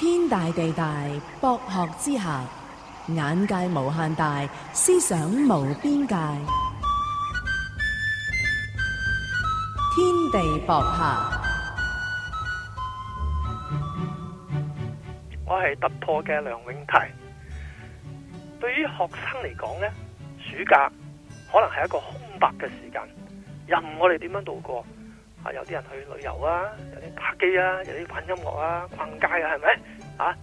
天大地大，博學之下，眼界無限大，思想無邊界。天地博客，我係突破嘅梁永泰。對於學生嚟講咧，暑假可能係一個空白嘅時間，任我哋點樣度過。有啲人去旅遊啊，有啲打機啊，有啲玩音樂啊，逛街啊，係咪啊？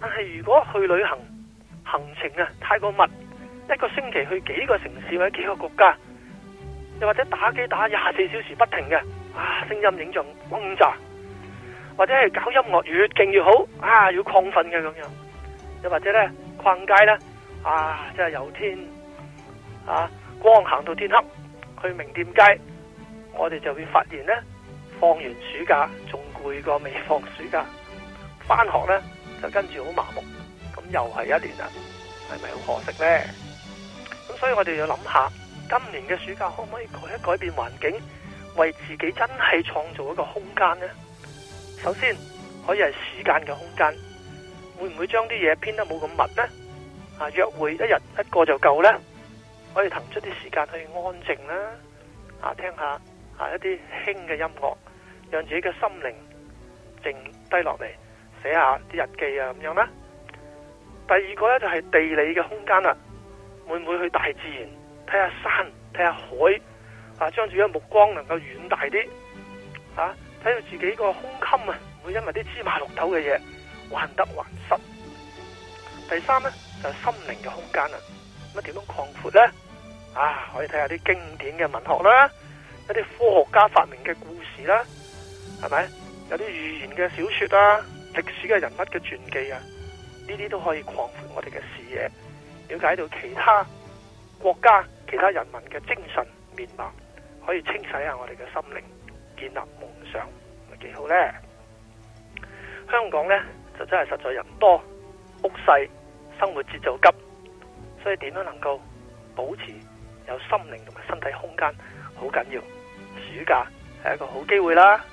但係如果去旅行，行程啊太過密，一個星期去幾個城市或者幾個國家，又或者打機打廿四小時不停嘅，啊，聲音影像轟炸，或者係搞音樂越勁越好，啊，要亢奮嘅咁樣，又或者咧逛街咧，啊，即係由天啊光行到天黑去名店街。我哋就會發現呢，放完暑假仲攰過未放暑假，翻學呢就跟住好麻木，咁又係一年啦，係咪好可惜呢？咁所以我哋要諗下，今年嘅暑假可唔可以改一改變環境，為自己真係創造一個空間呢？首先可以係時間嘅空間，會唔會將啲嘢編得冇咁密呢？啊，約會一日一個就夠呢，可以騰出啲時間去安靜啦，啊，聽下。啊！一啲輕嘅音樂，讓自己嘅心靈靜低落嚟，寫下啲日記啊咁樣啦。第二個咧就係地理嘅空間啦，會唔會去大自然睇下山，睇下海，啊，將自己嘅目光能夠遠大啲，啊，睇到自己個胸襟啊，唔會因為啲芝麻綠豆嘅嘢患得患失。第三呢，就係心靈嘅空間啦，乜啊點樣擴闊呢？啊，可以睇下啲經典嘅文學啦。一啲科學家發明嘅故事啦，係咪？有啲寓言嘅小說啦，歷史嘅人物嘅傳記啊，呢啲都可以擴闊我哋嘅視野，了解到其他國家、其他人民嘅精神面貌，可以清洗下我哋嘅心靈，建立夢想，咪幾好呢？香港呢，就真係實在人多屋細，生活節奏急，所以點樣能夠保持有心靈同埋身體空間。好緊要，暑假係一個好機會啦。